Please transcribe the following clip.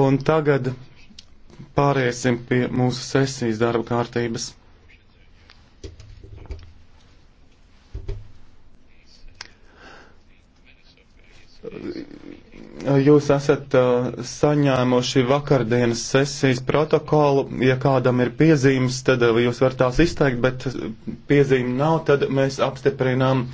Un tagad pāriesim pie mūsu sesijas darba kārtības. Jūs esat uh, saņēmuši vakardienas sesijas protokolu. Ja kādam ir piezīmes, tad uh, jūs varat tās izteikt, bet uh, piezīme nav, tad mēs apstiprinām